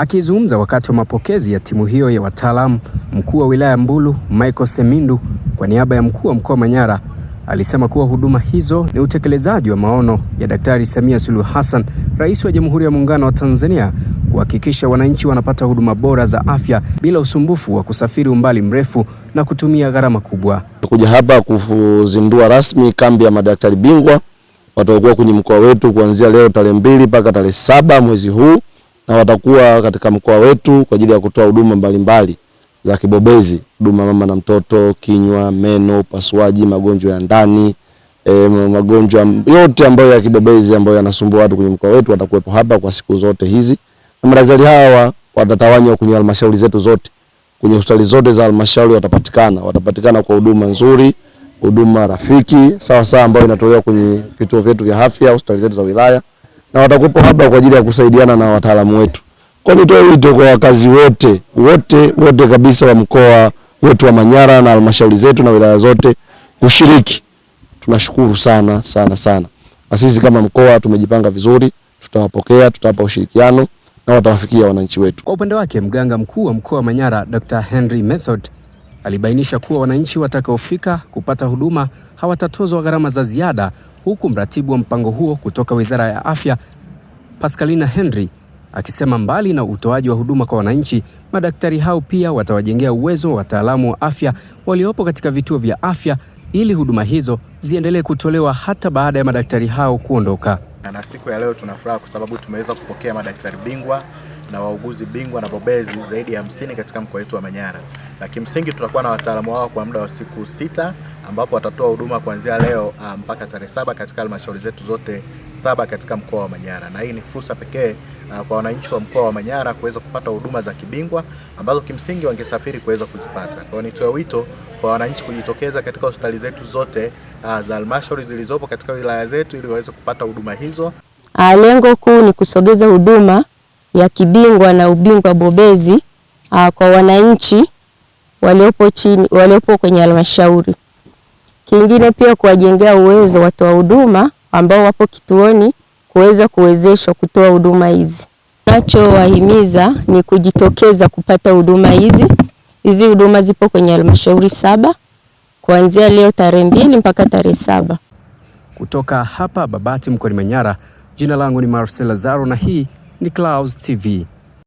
Akizungumza wakati wa mapokezi ya timu hiyo ya wataalamu, mkuu wa wilaya Mbulu Michael Semindu kwa niaba ya mkuu wa mkoa Manyara alisema kuwa huduma hizo ni utekelezaji wa maono ya Daktari Samia Suluhu Hassan, Rais wa Jamhuri ya Muungano wa Tanzania, kuhakikisha wananchi wanapata huduma bora za afya bila usumbufu wa kusafiri umbali mrefu na kutumia gharama kubwa. Kuja hapa kuzindua rasmi kambi ya madaktari bingwa watakuwa kwenye mkoa wetu kuanzia leo tarehe mbili mpaka tarehe saba mwezi huu na watakuwa katika mkoa wetu kwa ajili ya kutoa huduma mbalimbali za kibobezi, huduma mama na mtoto, kinywa, meno, upasuaji, magonjwa ya ndani E, magonjwa yote ambayo ya kibobezi ambayo yanasumbua watu kwenye mkoa wetu watakuwepo hapa kwa siku zote hizi, na madaktari hawa watatawanywa kwenye halmashauri zetu zote, kwenye hospitali zote za halmashauri watapatikana, watapatikana kwa huduma nzuri, huduma rafiki sawa sawa ambayo inatolewa kwenye vituo vyetu vya afya, hospitali zetu za wilaya na watakupo hapa kwa ajili ya kusaidiana na wataalamu wetu. Kwa nitoe wito kwa wakazi wote wote wote kabisa wa mkoa wetu wa Manyara na halmashauri zetu na wilaya zote kushiriki. Tunashukuru sana sana sana, na sisi kama mkoa tumejipanga vizuri, tutawapokea, tutawapa ushirikiano na watawafikia wananchi wetu. Kwa upande wake, mganga mkuu wa mkoa wa Manyara Dr. Henry Method alibainisha kuwa wananchi watakaofika kupata huduma hawatatozwa gharama za ziada huku mratibu wa mpango huo kutoka Wizara ya Afya Pascalina Henry akisema mbali na utoaji wa huduma kwa wananchi, madaktari hao pia watawajengea uwezo wa wataalamu wa afya waliopo katika vituo vya afya ili huduma hizo ziendelee kutolewa hata baada ya madaktari hao kuondoka. Na siku ya leo tuna furaha kwa sababu tumeweza kupokea madaktari bingwa na wauguzi bingwa na bobezi zaidi ya hamsini katika mkoa wetu wa Manyara, na kimsingi tutakuwa na wataalamu wao kwa muda wa siku sita ambapo watatoa huduma kuanzia leo ah, mpaka tarehe saba katika halmashauri zetu zote saba katika mkoa wa Manyara, na hii ni fursa pekee ah, kwa wananchi wa mkoa wa Manyara kuweza kupata huduma za kibingwa ambazo kimsingi wangesafiri kuweza kuzipata. Kwa hiyo nitoe wito kwa wananchi kujitokeza katika hospitali zetu zote ah, za halmashauri zilizopo katika wilaya zetu ili waweze kupata huduma hizo. Lengo kuu ni kusogeza huduma ya kibingwa na ubingwa bobezi uh, kwa wananchi waliopo chini, waliopo kwenye halmashauri. Kingine pia kuwajengea uwezo watoa huduma ambao wapo kituoni kuweza kuwezeshwa kutoa huduma hizi. Nachowahimiza ni kujitokeza kupata huduma hizi. Hizi huduma zipo kwenye halmashauri saba kuanzia leo tarehe mbili mpaka tarehe saba. Kutoka hapa Babati mkoani Manyara, jina langu ni Marcel Lazaro na hii Niklaus TV.